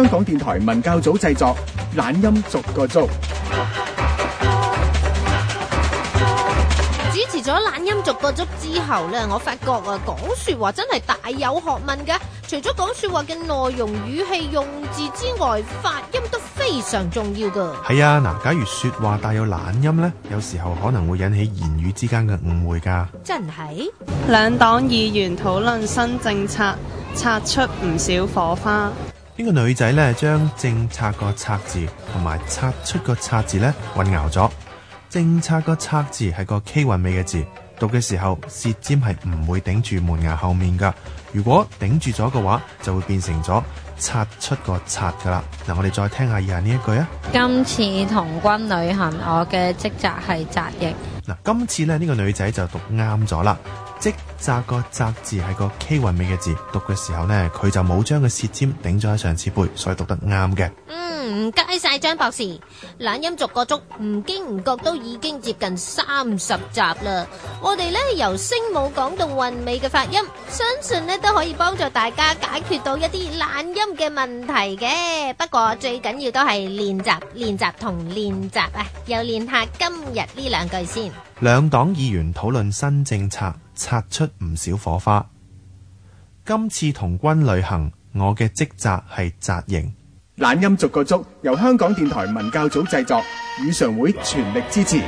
香港電台文教組製作懶音逐個捉主持咗懶音逐個捉之後呢，我發覺啊，講說話真係大有學問嘅。除咗講說話嘅內容、語氣、用字之外，發音都非常重要噶。係啊，嗱，假如說話帶有懶音呢，有時候可能會引起言語之間嘅誤會噶。真係？兩黨議員討論新政策，擦出唔少火花。呢個女仔呢，將政策個策字同埋拆出個拆字呢，混淆咗。政策個策字係個 k 韻尾嘅字，讀嘅時候舌尖係唔會頂住門牙後面噶。如果頂住咗嘅話，就會變成咗拆出個拆噶啦。嗱，我哋再聽下以下呢一句啊。今次童軍旅行，我嘅職責係紮翼」。嗱，今次呢，呢、呢個女仔就讀啱咗啦。即扎個扎字係個 K 韻尾嘅字，讀嘅時候呢，佢就冇將個舌尖頂咗喺上齒背，所以讀得啱嘅。嗯唔該晒張博士，懶音逐個捉，唔經唔覺都已經接近三十集啦。我哋呢由聲母講到韻尾嘅發音，相信呢都可以幫助大家解決到一啲懶音嘅問題嘅。不過最緊要都係練習、練習同練習啊！又練下今日呢兩句先。兩黨議員討論新政策，擦出唔少火花。今次同軍旅行，我嘅職責係紮營。懶音逐個捉，由香港電台文教組製作，語常會全力支持。